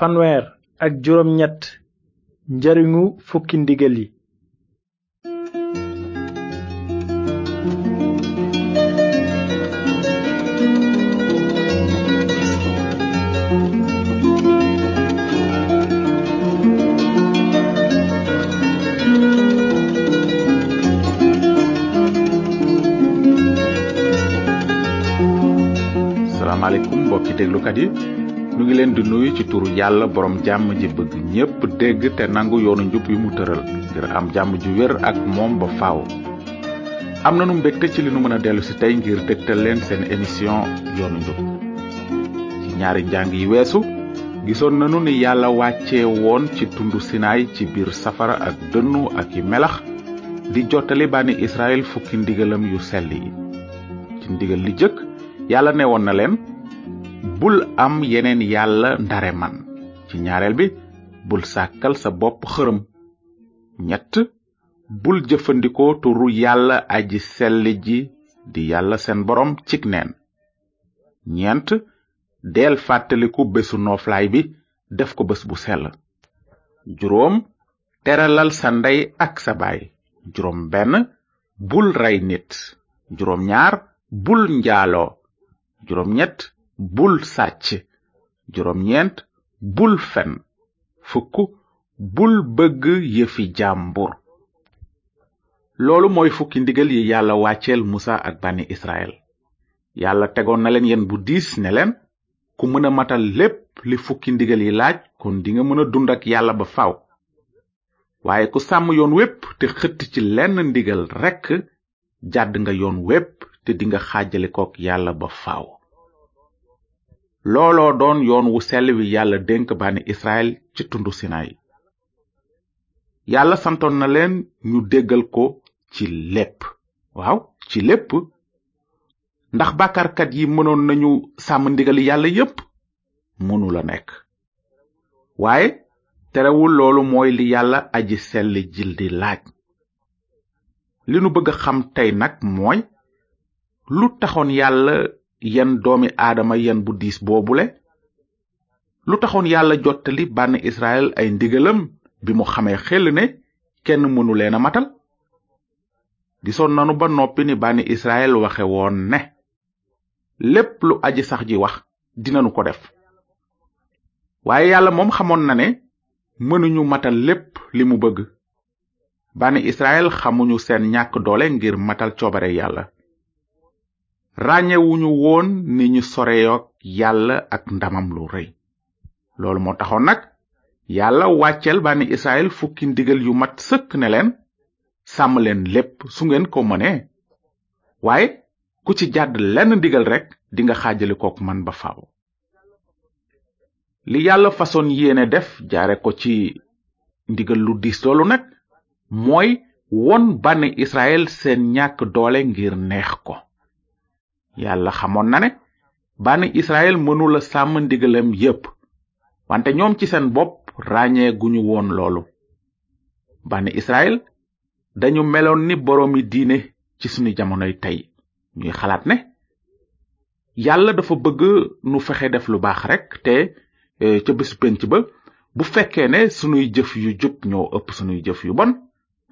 fanweer ak juróom ñett njariñu fukki ndigal yi salaamaaleykum mbokki yi nu ngi leen di nuyu ci turu yàlla borom jàmm ji bëgg ñépp dégg te nangu yoonu njub wi mu tëral ngir am jàmm ju wér ak moom ba faaw. am nanu mbégte ci li nu mën a dellu si tey ngir dégtal leen seen émission yoonu njub ci ñaari njàng yi weesu gisoon nanu ni yàlla wàcce woon ci tundu sinaay ci biir safara ak dënnu ak i melax di jottali bànni israel fukki ndigalam yu sell yi ci ndigal li jëkk yàlla ne woon na leen bul am yeneen yàlla ndare man ci ñaareel bi bul sàkkal sa bopp xërëm ñett bul jëfandikoo turu yàlla aji selli ji di yàlla seen boroom cig neen ñeent deel fàttaliku bésu nooflaay bi def ko bés bu sell juróom teralal sa ndey ak sa baay juróom benn bul rey nit juróom ñaar bul njaaloo juróom ñett bul sàcc juróom bul fen fukk bul bëgg yëfi jàmbur loolu mooy fukki ndigal yi yàlla wàcceel musa ak bànni israel yàlla tegoon na leen yéen bu diis ne leen ku mën a matal lépp li fukki ndigal yi laaj kon dinga mën a dund ak yàlla ba faw waaye ku sàmm yoon wépp te xëtt ci lenn ndigal rekk jàdd nga yoon wépp te dinga xaajale kook yàlla ba faaw looloo doon yoon wu sell wi yàlla dénk bànni israel ci tundu sinaay yàlla santoon na leen ñu déggal ko ci lépp waaw ci lépp ndax bàkkaarkat yi mënoon nañu sàmm ndigali yàlla yépp mënula nekk waaye terewul loolu mooy li yàlla aji sell jil di laaj li nu bëgg xam tey nag mooy lu taxoon yàlla yenn doomi aadama yen bu diis boobu boobule lu taxoon yàlla jottali bànn israel ay ndigalam bi mu xamee xel ne kenn mënu leen a matal gisoon nanu ba noppi ni bànni israel waxe woon ne lépp lu aji sax ji wax dinanu ko def waaye yàlla moom xamoon na ne mënuñu matal lépp li mu bëgg bànni israel xamuñu seen ñàkk doole ngir matal coobare yàlla ràññewuñu woon ni ñu soreyoog yàlla ak ndamam lu rëy loolu moo taxoon nag yàlla wàcceel bànni israel fukki ndigal yu mat sëkk ne leen sàmm leen lépp sungeen ko mënee waaye ku ci jàdd lenn ndigal rekk dinga xaajale kook man ba faaw li yàlla façon yéene def jaare ko ci ndigal lu diis loolu nag mooy won bànni israel seen ñàkk doole ngir neex ko yàlla xamoon na ne bànni israel mënula sàmm ndigalam yépp wante ñoom ci seen bopp ràññee guñu woon loolu bànni israel dañu meloon ni boroomi diine ci sunu jamonoy tey ñuy xalaat ne yàlla dafa bëgg nu fexe def lu baax rek te e, ca bésu penc ba bu fekkee ne sunuy jëf yu jub ñoo ëpp sunuy jëf yu bon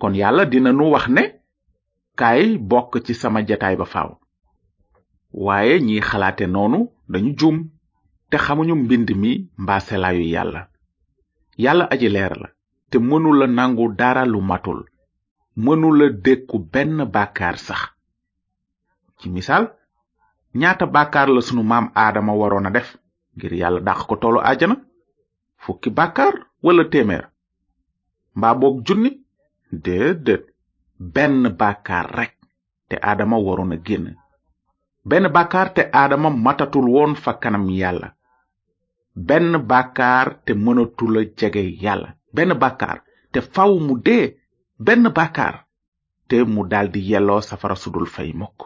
kon yàlla dina nu wax ne kaay bokk ci sama jataay ba faaw waaye ñiy xalaate noonu dañu juum te xamuñu mbind mi mbaaselaayu yàlla yàlla aji leer la te mënula nangu dara lu matul mënula dékku benn bàkkaar sax ci misaal ñaata bàkkaar la sunu maam aadama waroon a def ngir yàlla dàq ko toolu àjjana fukki bàkkaar walla téeméer mbaa boog junni déedéet benn bàkkaar rekk te aadama waroon a génn benn bàkkaar te aadama matatul woon fa kanam yàlla benn bàkkaar te mënatula jege yàlla benn bàkkaar te faw mu dee benn bàkkaar te mu daldi yelloo safara sudul fay mukk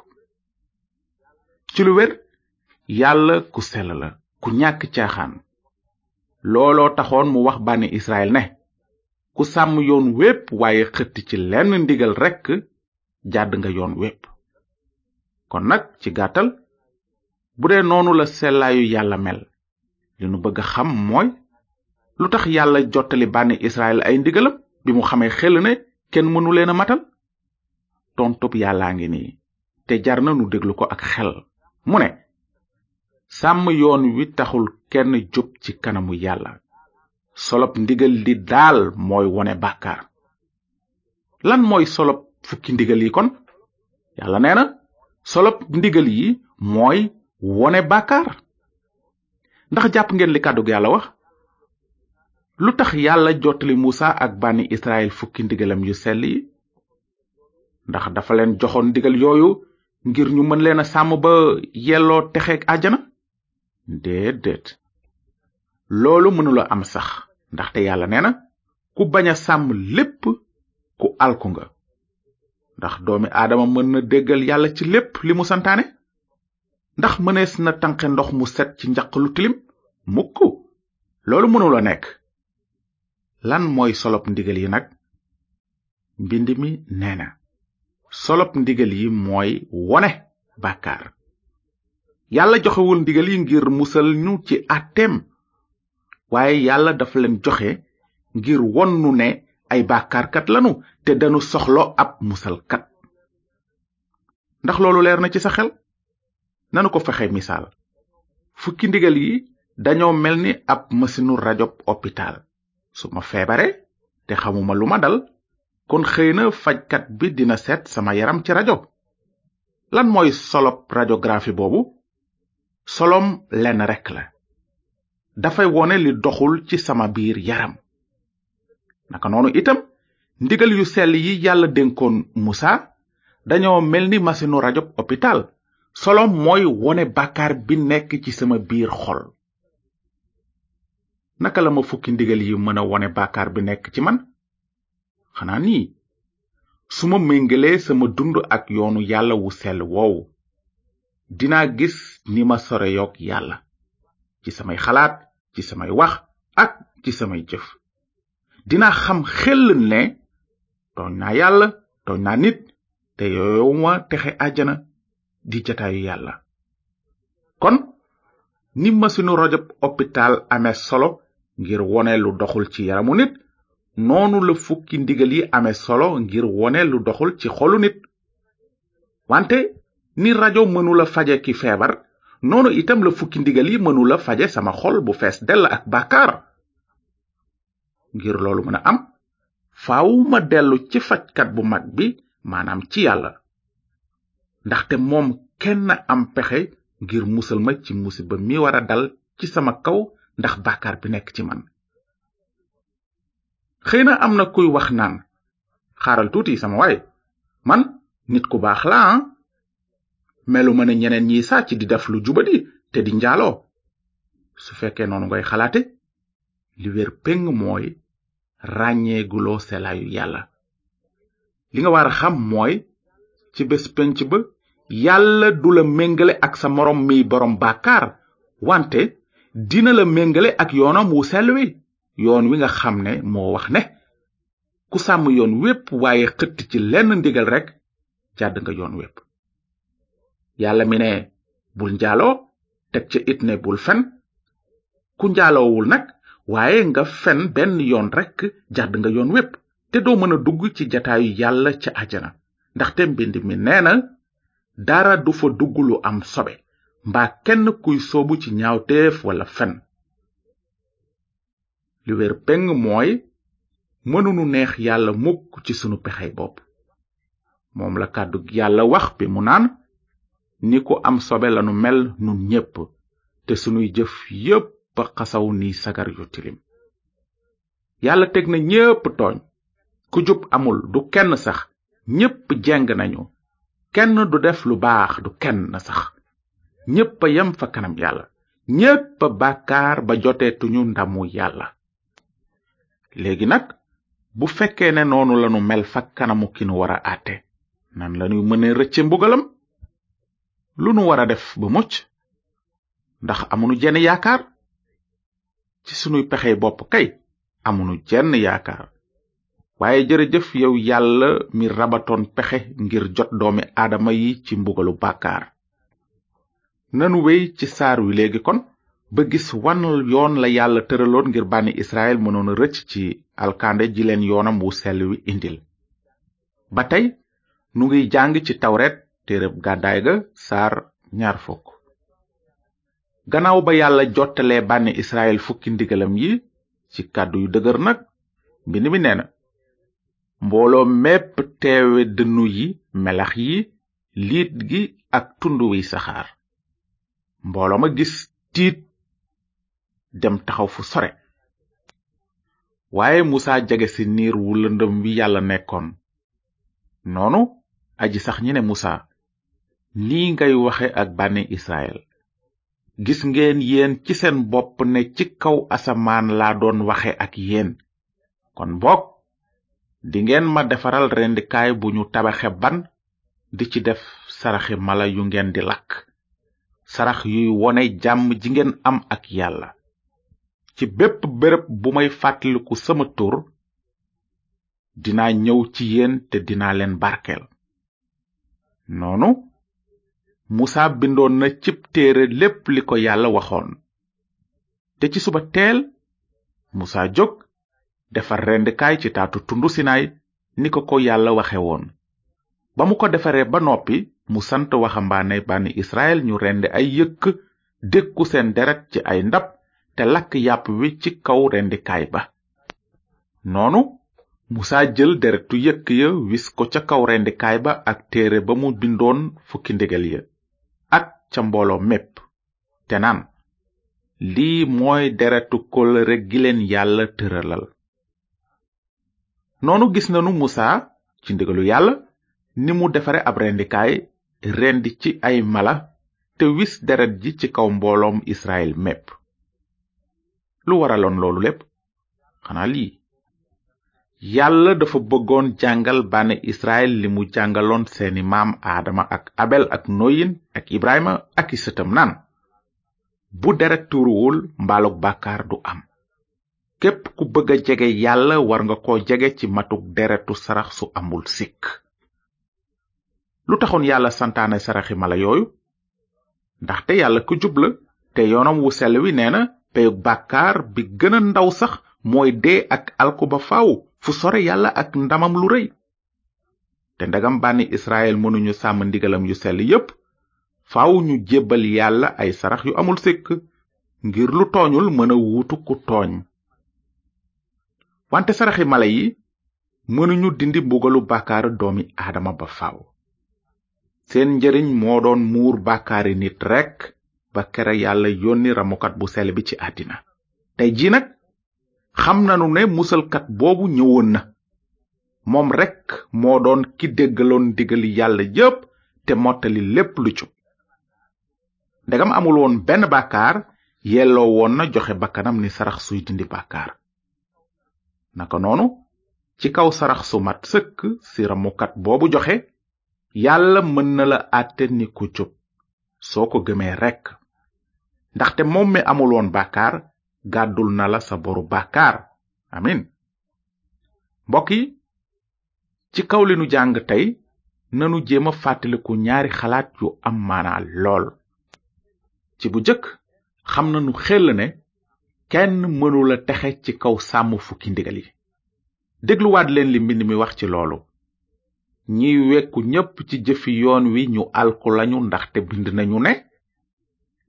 ci lu wér yàlla ku sell ku ñàkk caaxaan looloo taxoon mu wax bànni israel ne ku sàmm yoon wépp waaye xëtt ci lenn ndigal rekk jàdd nga yoon wépp kon nag ci gàttal bu dee noonu la sellaayu yàlla mel li nu bëgg xam mooy lu tax yàlla jottali bànni israel ay ndigalam bi mu xamee xel ne kenn mënu leen a matal tontub yàllaa ngi nii te jar na nu déglu ko ak xel mu ne sàmm yoon wi taxul kenn jub ci kanamu yàlla solop ndigal li daal mooy wone bàkkaar lan mooy solop fukki ndigal yi kon yàlla nee na solop ndigal yi mooy wone bàkkaar ndax jàpp ngeen li kàddug yàlla wax lu tax yàlla jotli muusa ak bànni israel fukki ndigalam yu sell yi ndax dafa leen joxoon ndigal yooyu ngir ñu mën leen a sàmm ba yelloo texeeg àjjana déedéet loolu mënula am sax ndaxte yàlla nee na ku bañ a sàmm lépp ku alku nga ndax doomi aadama mën na déggal yàlla ci lépp li mu santaane ndax mënees na tànqe ndox mu set ci njaq lu tilim mukk loolu mënula nekk lan mooy solop ndigal yi nag mbind mi nee na solop ndigal yi mooy wone bàkkaar yàlla joxewul ndigal yi ngir musal ñu ci àtteem waaye yàlla dafa leen joxe ngir wonnu ne ay bàkkaarkat lanu te danu soxlo ab musalkat ndax loolu leer na ci sa xel nanu ko fexe misaal fukki ndigal yi dañoo mel ni ab masinu rajo opitaal su ma feebaree te xamuma lu ma dal kon xëy na fajkat bi dina seet sama yaram ci rajo lan mooy solop radiographie boobu solom lenn rekk la dafay wone li doxul ci sama biir yaram naka noonu itam ndigal yu sell yi yàlla dénkoon musa dañoo mel ni masinu rajob hôpital solom mooy wone bàkkaar bi nekk ci sama biir xol naka la ma fukki ndigal yi mën a wone bàkkaar bi nekk ci man xanaa nii su ma méngalee sama dund ak yoonu yàlla wu sell woowu dinaa gis ni ma sore yoog yàlla ci samay xalaat ci samay wax ak ci samay jëf dina xam xel ne tooñ na yàlla tooñ naa nit te yowma texe àjjana di jataayu yàlla kon ni masinu rajo hôpital ame solo ngir wone lu doxul ci yaramu nit noonu la fukki ndigal yi ame solo ngir wone lu doxul ci xolu nit wante ni rajo mënula faje ki feebar noonu itam la fukki ndigal yi mënula faje sama xol bu fees dell ak bàkkaar ngir loolu mën a am faaw ma dellu ci fajkat bu mag bi maanaam ci yàlla ndaxte moom kenn am pexe ngir musal ma ci musiba mi war a dal ci sama kaw ndax bàkkaar bi nekk ci man xëy na am na kuy wax naan xaral tuuti sama waay man nit ku baax laa ah. melu ma na ñeneen ñiy sàcc di def lu jubadi te di njaaloo su fekkee noonu ngay xalaate li wér mooy ràññeeguloo selaayu yàlla li nga war a xam mooy ci bés penc ba yàlla du la méngale ak sa moroom miy boroom bàkkaar wante dina la méngale ak yoonam wu sell yoon wi nga xam ne moo wax ne ku sàmm yoon wépp waaye xëtt ci lenn ndigal rekk jàdd nga yoon wépp yàlla mi ne bul njaaloo teg ca it ne bul fen ku njaaloowul nag waaye nga fen benn yoon rekk jàdd nga yoon wépp te doo mën a dugg ci jataayu yàlla ca ajana te mbind mi nee na dara du fa dugg lu am sobe mbaa kenn kuy soobu ci ñaaw ñaawteef wala fen li wér peng mooy mënunu neex yàlla mukk ci sunu pexey bopp moom la kàddu yàlla wax bi mu naan ni ku am sobe lanu mel nun ñépp te sunuy jëf yépp ba xasaw ni sagar yu tilim yàlla teg na ñépp tooñ ku jub amul du kenn sax ñépp jeng nañu kenn du def lu baax du kenn sax ñépp a fa kanam yàlla ñépp a ba joteetuñu ndamu yàlla léegi nag bu fekkee ne noonu lanu mel fa kanamu ki nu war a àtte nan mën mëne rëcce mbugalam lu nu war a def ba mucc ndax amunu jenn yaakaar ci sunuy pexe bopp kay amunu jenn yaakaar waaye jërëjëf yow yàlla mi rabatoon pexe ngir jot doomi aadama yi ci mbugalu bàkkaar nanu wey ci saar wi léegi kon ba gis wan yoon la yàlla tëraloon ngir bànni israel mënoon a rëcc ci alkande ji leen yoonam wu sell wi indil ba tey nu ngi jàng ci tawret téereb gàddaay ga saar ñaar gannaaw ba yàlla jottalee bànni israel fukki ndigalam yi ci kàddu yu dëgër nag mbind mi nee na mbooloo mépp teewe dënnu yi melax yi liit gi ak tund wi saxaar mbooloo ma gis tiit dem taxaw fu sore waaye musa jege ci niir wu lëndëm wi yàlla nekkoon noonu aji sax ñi ne musa nii ngay waxe ak bànni israel gis ngeen yéen ci seen bopp ne ci kaw asamaan laa doon waxe ak yéen kon di ngeen ma defaral rendikaay bu ñu tabaxe ban di ci def saraxi mala yu ngeen di lakk sarax yuy wone jàmm ji ngeen am ak yàlla ci bépp béréb bu may fàttaliku sama tur dina ñëw ci yéen te dinaa leen barkeel noonu musaa bindoon na cib téere lépp li ko yàlla waxoon te ci suba teel musa jóg defar rendkaay ci taatu tundu sinaay ni ko ko yàlla waxe woon ba mu ko defaree ba noppi mu sant waxambaane bànni israel ñu rend ay yëkk dékku seen deret ci ay ndab te lakk yàpp wi ci kaw rendikaay ba noonu musa jël deretu yëkk ya wis ko ca kaw rendikaay ba ak téere ba mu bindoon fukki ndigal ya ca mbooloo mépp te naan lii mooy deretu kóllëre gi leen yàlla tëralal noonu gis nanu musa ci ndigalu yàlla ni mu defare ab rendikaay rendi ci ay mala te wis deret ji ci kaw mbooloom israel mépp lu waraloon loolu lépp xanaa lii yàlla dafa bëggoon jàngal bànne israel li mu jàngaloon seeni maam aadama ak abel ak noyin ak ibrahima ak i sëtam naan bu deret tuuruwul mbaalug bàkkaar du am képp ku bëgga jege yàlla war nga ko jege ci matuk deretu sarax su amul sikk lu taxoon yàlla santaane saraxi mala yooyu ndaxte yàlla ku jubla te yoonam wu sell wi neena peyug bàkkaar bi gëna ndaw sax mooy dee ak alkuba ba fu sore yàlla ak ndamam lu rëy te ndegam bànni israel mënuñu sàmm ndigalam yu sell yépp faaw ñu jébbal yàlla ay sarax yu amul sikk ngir lu tooñul mën a wuutu ku tooñ wante saraxi mala yi mënuñu dindi mbugalu bàkkaar doomi aadama ba faaw seen njariñ moo doon muur bàkkaari nit rekk ba kere yàlla yónni ramukat bu sell bi ci àddina tey ji nag xam nanu ne musalkat boobu ñëwoon na moom rekk moo doon ki déggaloon ndigali yàlla yépp te mottali lépp lu jub ndegam amul woon benn bàkkaar yelloo woon na joxe bakkanam ni sarax suy tindi bàkkaar naka noonu ci kaw sarax su mat sëkk si ramukat boobu joxe yàlla mën na la àtte ni ku jub soo ko gëmee rekk ndaxte moom mi amul woon bàkkaar gàddul na la sa boru bàkkaar amin mbokk yi ci kaw li nu jàng tey nanu jéem a fàttaliku ñaari xalaat yu am maanaa lool ci bu jëkk xam nanu xel ne kenn mënula texe ci kaw sàmm fukki ndigal yi dégluwaat leen li mbind mi wax ci loolu ñiy wekku ñépp ci jëfi yoon wi ñu alku lañu ndaxte bind nañu ne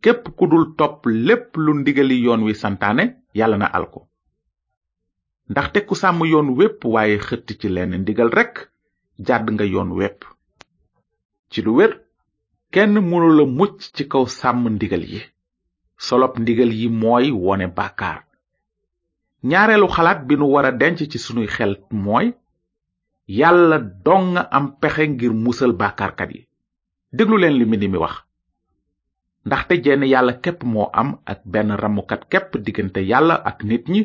képp ku dul topp lépp lu ndigali yoon wi santaane yàlla na alko ndaxte ku sàmm yoon wépp waaye xëtt ci lenn ndigal rekk jàdd nga yoon wépp ci lu wér kenn mënula mucc ci kaw sàmm ndigal yi solop ndigal yi mooy wone bàkkaar ñaareelu xalaat bi nu wara denc ci sunuy xel mooy yàlla dong am pexe ngir musal bàkkaarkat yi déglu leen li mbind mi wax ndaxte jenn yàlla képp moo am ak benn ramukat képp diggante yàlla ak nit ñi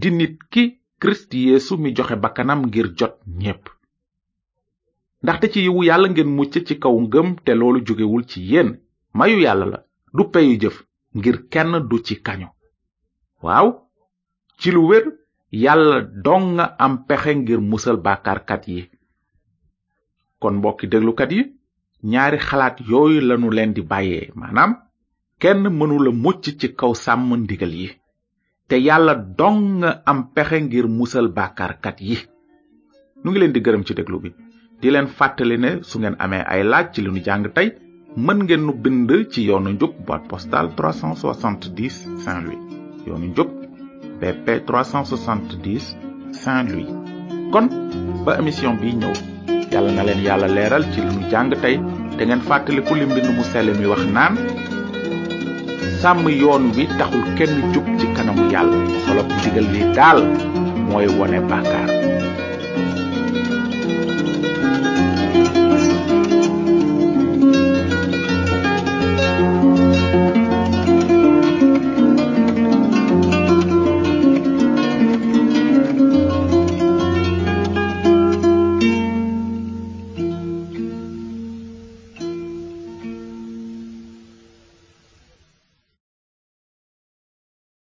di nit ki kirist yeesu mi joxe bakkanam ngir jot ñépp ndaxte ci yiwu yàlla ngeen mucc ci kaw ngëm te loolu jógewul ci yéen mayu yàlla la du peyu jëf ngir kenn du ci kañu waaw ci lu wér yàlla dong nga am pexe ngir musal bàkkaarkat yi kon mbokki déglukat yi ñaari xalaat yooyu lanu leen di bàyyee maanaam kenn mënula mucc ci kaw sàmm ndigal yi te yàlla dong nga am pexe ngir musal bàkkaarkat yi nu ngi leen di gërëm ci déglu bi di leen fàttali ne su ngeen amee ay laaj ci li nu jàng tey mën ngeen nu bind ci yoonu njub boîte postale 370 Saint-Louis yoonu njub BP 370 Saint-Louis kon ba émission bi ñëw yàlla na leen yàlla leeral ci li nu jàng tey dangeen ngeen fàttaliku li mbind mu sell wax naan sàmm yoon wi taxul kenn jub ci kanamu yàlla xolob ndigal li daal mooy wone bàkkaar